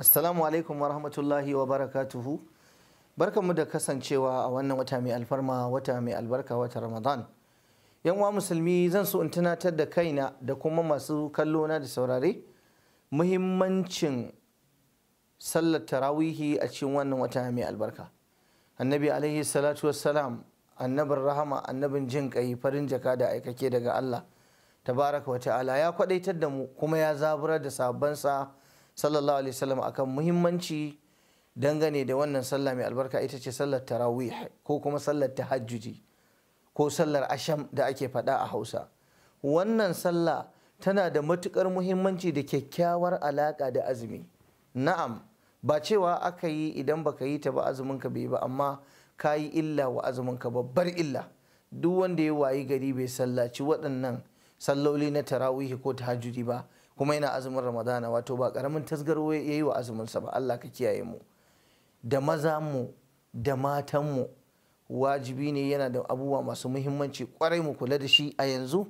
Assalamu alaikum wa rahmatullahi wa barakatuhu. Barkanmu da kasancewa a wannan wata mai alfarma wata mai albarka wata Ramadan. Yan uwa musulmi zan so in tunatar da kaina da kuma masu kallo na da saurare muhimmancin sallar tarawihi a cikin wannan wata mai albarka. Annabi alaihi salatu wassalam annabin rahama annabin jin kai farin jaka da aikake daga Allah tabaraka wa ya kwadaitar da mu kuma ya zaburar da sabansa sallallahu alaihi wasallam akan muhimmanci dangane da wannan sallah mai albarka ita ce sallar tarawih ko kuma sallar tahajjuji ko sallar asham da ake faɗa a hausa wannan sallah tana da matukar muhimmanci da kyakkyawar alaƙa da azumi na'am ba cewa aka yi idan baka yi ta ba ka bai ba amma ka yi illa wa azumin ka babbar illa duk wanda ya wayi gari bai sallaci waɗannan salloli na tarawihi ko tahajjudi ba kuma yana azumin ramadana wato ba karamin tasgaro ya yi wa azumin sa ba allah ka kiyaye mu da maza mu da matan mu wajibi ne yana da abubuwa masu muhimmanci kwarai mu kula da shi a yanzu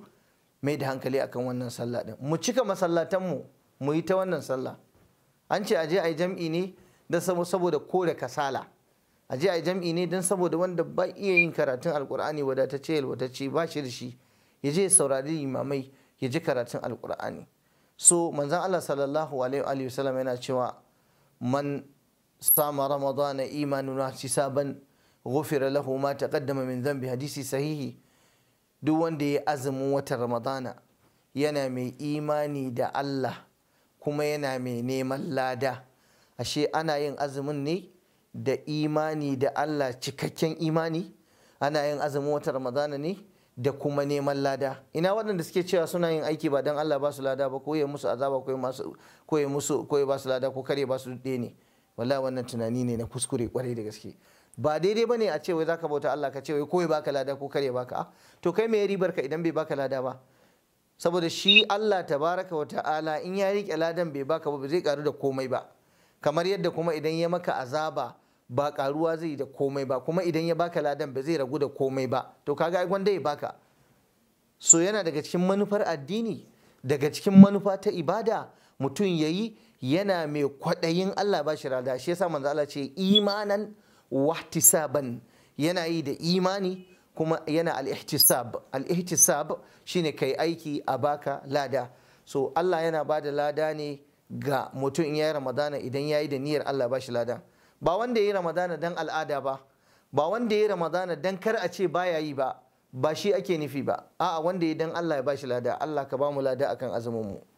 mai da hankali akan wannan sallah din mu cika masallatan mu mu yi ta wannan sallah an ce aje ai jam'i ne don saboda ko da kasala aje ai jam'i ne dan saboda wanda ba iya yin karatun alkur'ani wadatacce yalwatacce ba shi da shi ya je saurari Imamai ya ji karatun alkur'ani so manzan Allah sallallahu alaihi wasallam yana cewa man sama ramadana imanuna saban ghufira lahu ma taqaddama min dhanbi hadisi sahihi duk wanda ya azumin watan ramadana yana mai imani da Allah kuma yana mai neman lada ashe ana yin azumin ne da imani da Allah cikakken imani ana yin azumin watan ramadana ne da kuma neman lada ina waɗanda suke cewa suna yin aiki ba don Allah ba su lada ba ko ya musu azaba ko ya musu ko ya ba su lada ko kare ba su dudde ne wallahi wannan tunani ne na kuskure kwarai da gaske ba daidai bane a ce wai zaka bauta Allah ka ce wai ko ya baka lada ko kare baka a to kai me ribar ka idan bai baka lada ba saboda shi Allah tabaraka wa ta'ala in ya rike ladan bai baka ba zai karu da komai ba kamar yadda kuma idan ya maka azaba ba karuwa zai da komai ba kuma idan ya baka ladan ba zai ragu da komai ba to kaga ai gwanda ya baka so yana daga cikin manufar addini daga cikin manufa ta ibada mutum ya yi yana mai kwaɗayin Allah ba shi rada shi yasa manzo Allah ce imanan wahtisaban yana yi da imani kuma yana al-ihtisab al-ihtisab shine kai aiki a baka lada so Allah yana ba da lada ne ga mutum in ya yi ramadana idan ya yi da niyyar Allah ba shi lada ba wanda ya yi ramadana dan al'ada ba ba wanda ya yi ramadana dan kar a ce baya yi ba ba shi ake nufi ba a'a wanda ya dan Allah ya bashi lada Allah ka ba mu lada akan azumin mu